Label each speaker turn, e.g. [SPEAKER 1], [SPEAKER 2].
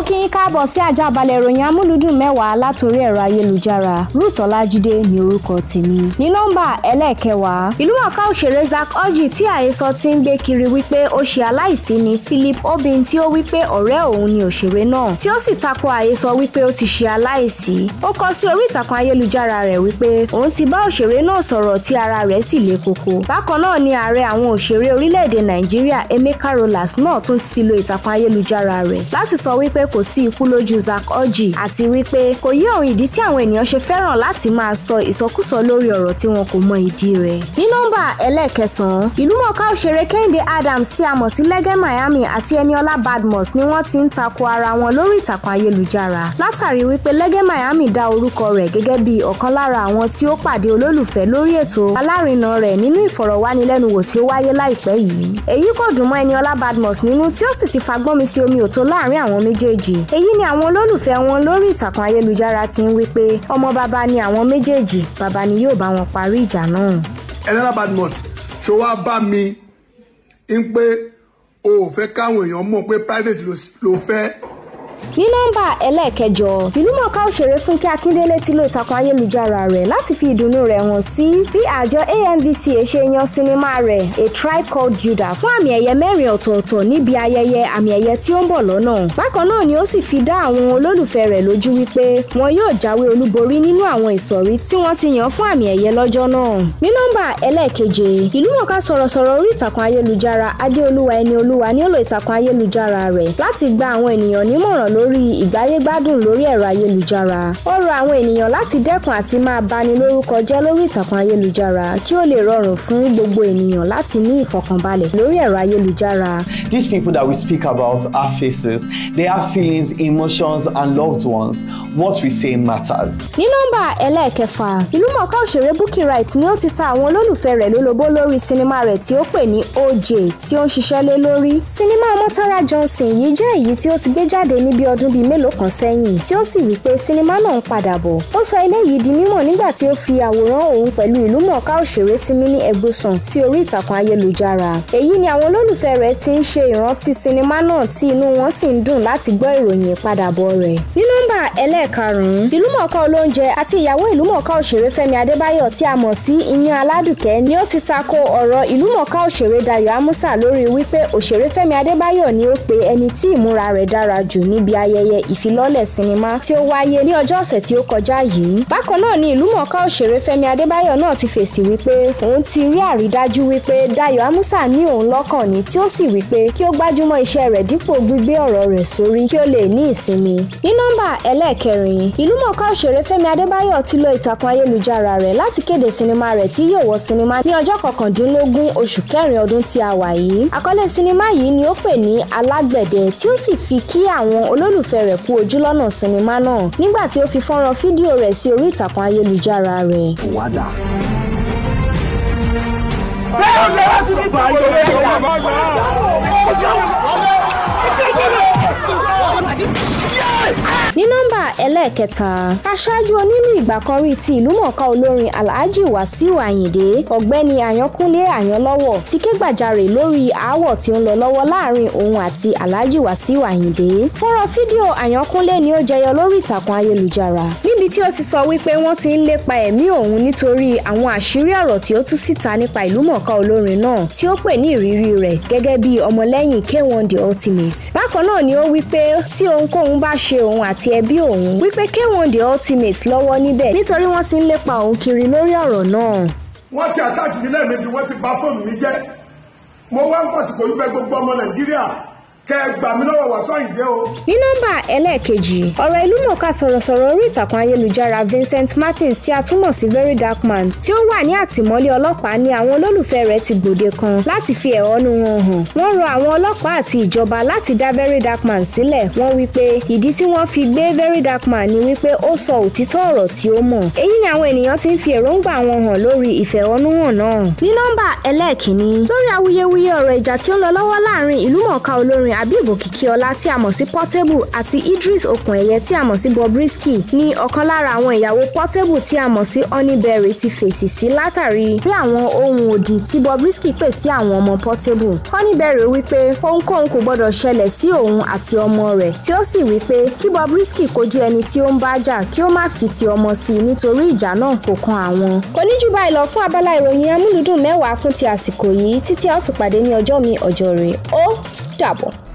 [SPEAKER 1] mo kí yín káàbọ̀ sí àjàbalẹ̀ ìròyìn amúlùdùn mẹ́wàá látòrí ẹ̀rọ ayélujára ruth ọlájídé ní orúkọ tèmi. ní nọ́mbà ẹlẹ́ẹ̀kẹwàá ìlúmọ̀ọ́ká òṣèré Zak Orji tí àhesọ ti ń gbé kiri wípé ó ṣe aláìsí ni Philip Obin tí ó wípé ọ̀rẹ́ òun ni òṣèré náà tí ó sì tako àhesọ wípé ó ti ṣe aláìsí. ó kọ sí orí ìtàkùn ayélujára rẹ̀ wípé òun ti bá òṣèré náà sọ̀rọ̀ tí ara rẹ̀ sì le koko. bákan náà ni ààrẹ àwọn òṣèré orílẹ̀-èdè Nàìjíríà Emeka Rollas náà tún ti lo ìtàkùn ayélujára rẹ̀ láti sọ wípé kò sí ikú lójú Zach Orji àti wípé kò yí òun ìdí tí àwọn ènìyàn ṣe fẹ́ràn láti máa sọ ìsọkúsọ lórí ọ̀rọ̀ tí wọn kò mọ ìdí rẹ̀. ní nọ́mbà ẹlẹ́ẹ̀kẹsàn-án ìlúmọ̀ọ́ká òṣèré Kẹ́hìndé Adams tí a mọ̀ sí lẹ́gẹ́ Miami àti Ẹniọlá Badmus ni wọ́n ti ń tako ara wọn lórí ìtàkùn ayélujára látàrí wípé lẹ́gẹ́ Miami dá orúkọ rẹ̀ gẹ́gẹ́ bí ọ̀kan lára àwọn tí ó pàdé olólùfẹ́ lórí ètò alárinà rẹ̀ nínú ìfọ̀rọ̀wánilẹ́nuwò tí ó wáyé láìpẹ́ yìí èyí kò dùn mọ́ Ẹniọlá Badmus nínú tí ó sì ti fagbọ́n mi sí omi òtó láàrin àwọn méjèèjì méjèèjì èyí ni àwọn olólùfẹ́ wọn lórí ìtàkùn ayélujára ti ń wí pé ọmọ bàbá ni àwọn méjèèjì bàbá ni yóò bá wọn parí ìjà náà. Ẹlẹ́lá Badmus ṣó wá bá mi ń pé o ò fẹ́ káwọn èèyàn mọ̀ pé private ló fẹ́ ní nọ́mbà ẹlẹ́ẹ̀kẹjọ ìlúmọ̀ọ́ká òṣèré fúnkẹ́ akíndélé ti lo ìtàkùn ayélujára rẹ̀ láti fi ìdùnnú rẹ̀ hàn sí bí àjọ amvca e ṣe yan sinimá rẹ̀ a tribe called judah fún àmì ẹ̀yẹ mẹ́rin ọ̀tọ̀ọ̀tọ̀ níbi ayẹyẹ àmì ẹ̀yẹ tí ó ń bọ̀ lọ́nà bákan náà ni ó sì fi dá àwọn olólùfẹ́ rẹ̀ lójú wípé wọn yóò jáwé olúborí nínú àwọn ìsọ̀rí tí wọ́n ti yàn fún àmì ẹ̀yẹ lọ́jọ́ náà ní nọ́mbà ẹlẹ́ẹ̀keje ìlúmọ̀ọ́ká sọ̀rọ̀sọ̀rọ̀ orí ìtàkùn ayélujára adéolúwa ẹni olúwa ni ó lo ìtàkùn ayélujára rẹ̀ láti gba àwọn ènìyàn nímọ̀ràn lórí ìgbáyégbádùn lórí ẹ̀rọ ayélujára ó rọ àwọn ènìyàn láti dẹ́kun àti máa bani lórúkọ jẹ́ lórí ìtàkùn ayélujára kí ó lè rọrùn fún gbogbo ènìyàn láti ní ìfọ̀kànbalẹ̀ lórí ẹ̀rọ ayélujára. These people that we speak about are faces they have feelings emotions and loved ones what we say matters. ní nọ́mbà ẹlẹ́ẹ̀kẹfà ìlúmọ̀ọ́ká òṣèré Bukky Wright ni ó ti ta àwọn olólùfẹ́ rẹ̀ lólobó lórí sinimá rẹ̀ tí ó pè ní OJ tí ó ń ṣiṣẹ́ lé lórí sinimá Mọ́tárà Johnson yìí jẹ́ èyí tí ó ti gbé jáde níb bí ọdún bíi mélòó kan sẹ́yìn tí ó sì wí pé sinimá náà ń padà bọ̀. ó sọ eléyìí di mímọ̀ nígbà tí ó fi àwòrán òun pẹ̀lú ìlúmọ̀ọ́ká òṣèré Tìmíní Ẹgbósàn sí orí ìtàkùn ayélujára. èyí ni àwọn olólùfẹ́ rẹ̀ ti ń ṣe ìrántí sinimá náà tí inú wọn sì ń dùn láti gbọ́ ìròyìn ìpadàbọ̀ rẹ̀. ní nọ́mbà ẹlẹ́ẹ̀karùn-ún ìlúmọ̀ọ́ká olóúnjẹ àti ìyàwó ìlúmọ̀ọ́ká òṣèré níbi ayẹyẹ ìfilọ́lẹ̀ sinimá tí ó wáyé ní ọjọ́ ọ̀sẹ̀ tí ó kọjá yìí. bákan náà ni ìlúmọ̀ọ́ká òṣèré Fẹ́mi Adébáyọ̀ náà ti fèsì wípé òun ti rí àrídájú wípé Dayọ̀ Amusa ní òun lọ́kàn ni tí ó sì wípé kí ó gbájúmọ́ iṣẹ́ rẹ̀ dípò gbígbé ọ̀rọ̀ rẹ̀ sórí kí ó lè ní ìsinmi. ní nọ́mbà ẹlẹ́ẹ̀kẹrin ìlúmọ̀ọ́ká òṣèré Fẹ́mi lo ìtàkùn ayélujára rẹ̀ láti kéde sinimá rẹ̀ tí yóò wọ sinimá ní ọjọ́ kọkàndínlógún oṣù kẹrin ọdún tí a wà yìí àkọlé sinimá ni ó pè ní alágbẹ̀dẹ tí ó olólùfẹ́ rẹ̀ kú ojú lọ́nà sinimá náà nígbà tí ó fi fọ́nrán fídíò rẹ̀ sí orí ìtàkùn ayélujára rẹ̀. bẹ́ẹ̀ ni wọ́n ti bá yọ̀ ọ́ ní nọ́mbà ẹlẹ́ẹ̀kẹta aṣáájú onílù ìgbàkanrí ti ìlúmọ̀ọ́ká olórin alhaji wasiu ayinde ọ̀gbẹ́ni àyànkúnlé àyànlọ́wọ̀ ti ké gbàjarè lórí aáwọ̀ tí ó ń lọ lọ́wọ́ láàrin òun àti alhaji wasiu ayinde fọ́nrán fídíò àyànkúnlé ni ó jẹyọ lórí ìtàkùn ayélujára ní lẹ́yìn tí ó ti sọ wípé wọ́n ti ń lépa ẹ̀mí òun nítorí àwọn àṣírí ọ̀rọ̀ tí ó tú síta nípa ìlúmọ̀ọ́ká olórin náà tí ó pè ní ìrírí rẹ̀ gẹ́gẹ́ bí ọmọlẹ́yìn K1 The Ultimate. bákan náà ni ó wí pé tí ohunkóhun bá ṣe òun àti ẹbí òun wípé K1 The Ultimate lọ́wọ́ níbẹ̀ nítorí wọ́n ti ń lépa òun kiri lórí ọ̀rọ̀ náà. wọ́n ti àtàkì mi lẹ́ẹ̀mejì wọ́n ti bà fóònù mi jẹ́ mo wá ń pàṣípò wípé gbogbo ọmọ Nàìjíríà ní nọ́mbà ẹlẹ́ẹ̀kejì ọ̀rọ̀ ìlúmọ̀ọ́ká sọ̀rọ̀sọ̀rọ̀ orí ìtàkùn ayélujára Vincent Martin tí a túmọ̀ sí Very Dark Man tí ó wà ní àtìmọ́lé ọlọ́pàá ni àwọn olólùfẹ́ rẹ̀ ti gbòde kan láti fi ẹ̀hónú wọn hàn wọ́n rọ àwọn ọlọ́pàá àti ìjọba láti dá Very Dark Man sílẹ̀ wọ́n wí pé ìdí tí wọ́n fi gbé Very Dark Man ni wípé ó sọ òtítọ́ ọ̀rọ̀ tí ó mọ̀ èyí ni àwọn ènìyàn ti ń fi èròǹgbà wọn hàn lórí ìfẹ̀hónúhàn náà ní nọ́mbà ẹlẹ́ẹ̀kínní lórí awuyewuye ọ̀rọ̀ ìjà tí ó lọ lọ́wọ́ láàrin ìlúmọ̀ọ́ká olórin Habib Òkìkíọlá tí a mọ̀ sí Portable àti Idris Okuneye tí a mọ̀ sí Bobrisky ní ọ̀kan lára àwọn ìyàwó Portable tí a mọ̀ sí Honeyberry ti fèsì sí látàrí rí àwọn ohun òdì tí Bobrisky pè sí àwọn ọmọ Portable. Honeyberry wí pé ohunkóhun kò gbọdọ̀ ṣẹlẹ̀ sí òun àti ọmọ rẹ̀ tí ó sì wí pé kí Bobrisky kojú ẹni tí ó ń bá jà kí ó má fi ti ọmọ sí i nítorí ìjà náà kò kan àwọn. kò ní jù báyìí lọ fún abala ìròyìn amúlùdùn mẹ́wàá fún ti àsìkò yìí títí a ó fi pàdé ní ọjọ́ mi ọjọ́ rẹ̀ ó dàbọ̀.